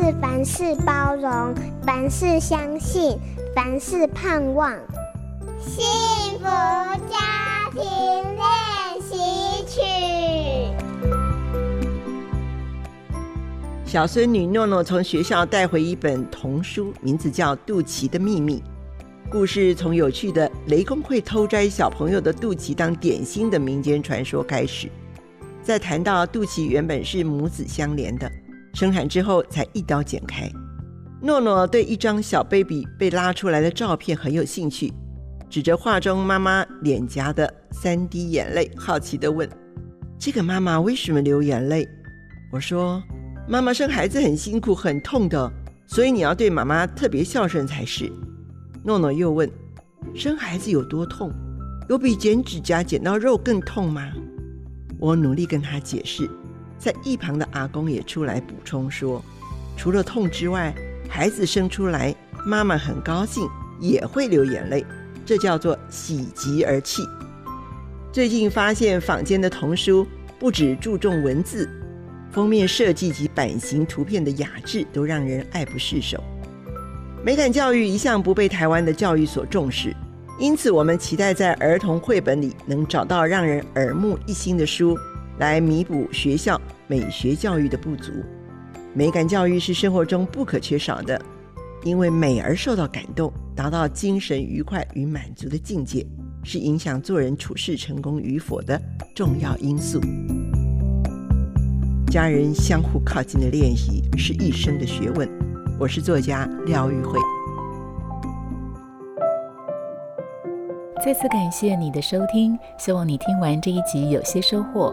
是凡事包容，凡事相信，凡事盼望。幸福家庭練習曲。小孫女諾諾從學校帶回一本童書，名字叫《肚臍的秘密》。故事從有趣的雷公會偷摘小朋友的肚臍當點心的民間傳說開始，再談到肚臍原本是母子相連的。生產之後才一刀剪開。諾諾對一張小 baby 被拉出來的照片很有興趣，指着畫中媽媽臉頰的三滴眼淚，好奇地問：“這個媽媽為什麼流眼淚？”我說：“媽媽生孩子很辛苦、很痛的，所以你要對媽媽特別孝順才是。”諾諾又問：“生孩子有多痛？有比剪指甲剪到肉更痛嗎？”我努力跟他解釋。在一旁的阿公也出來補充說：“除了痛之外，孩子生出來，媽媽很高興，也會流眼淚，這叫做喜極而泣。”最近發現坊間的童書不止注重文字，封面設計及版型、圖片的雅致都讓人愛不釋手。美感教育一向不被台灣的教育所重視，因此我們期待在兒童繪本裡能找到讓人耳目一新的書。來彌補學校美學教育的不足，美感教育是生活中不可缺少的。因為美而受到感動，達到精神愉快與滿足的境界，是影響做人處事成功與否的重要因素。家人相互靠近的練習是一生的學問。我是作家廖玉蕙，再次感謝你的收聽，希望你聽完這一集有些收穫。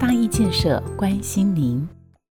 大毅建設關心您。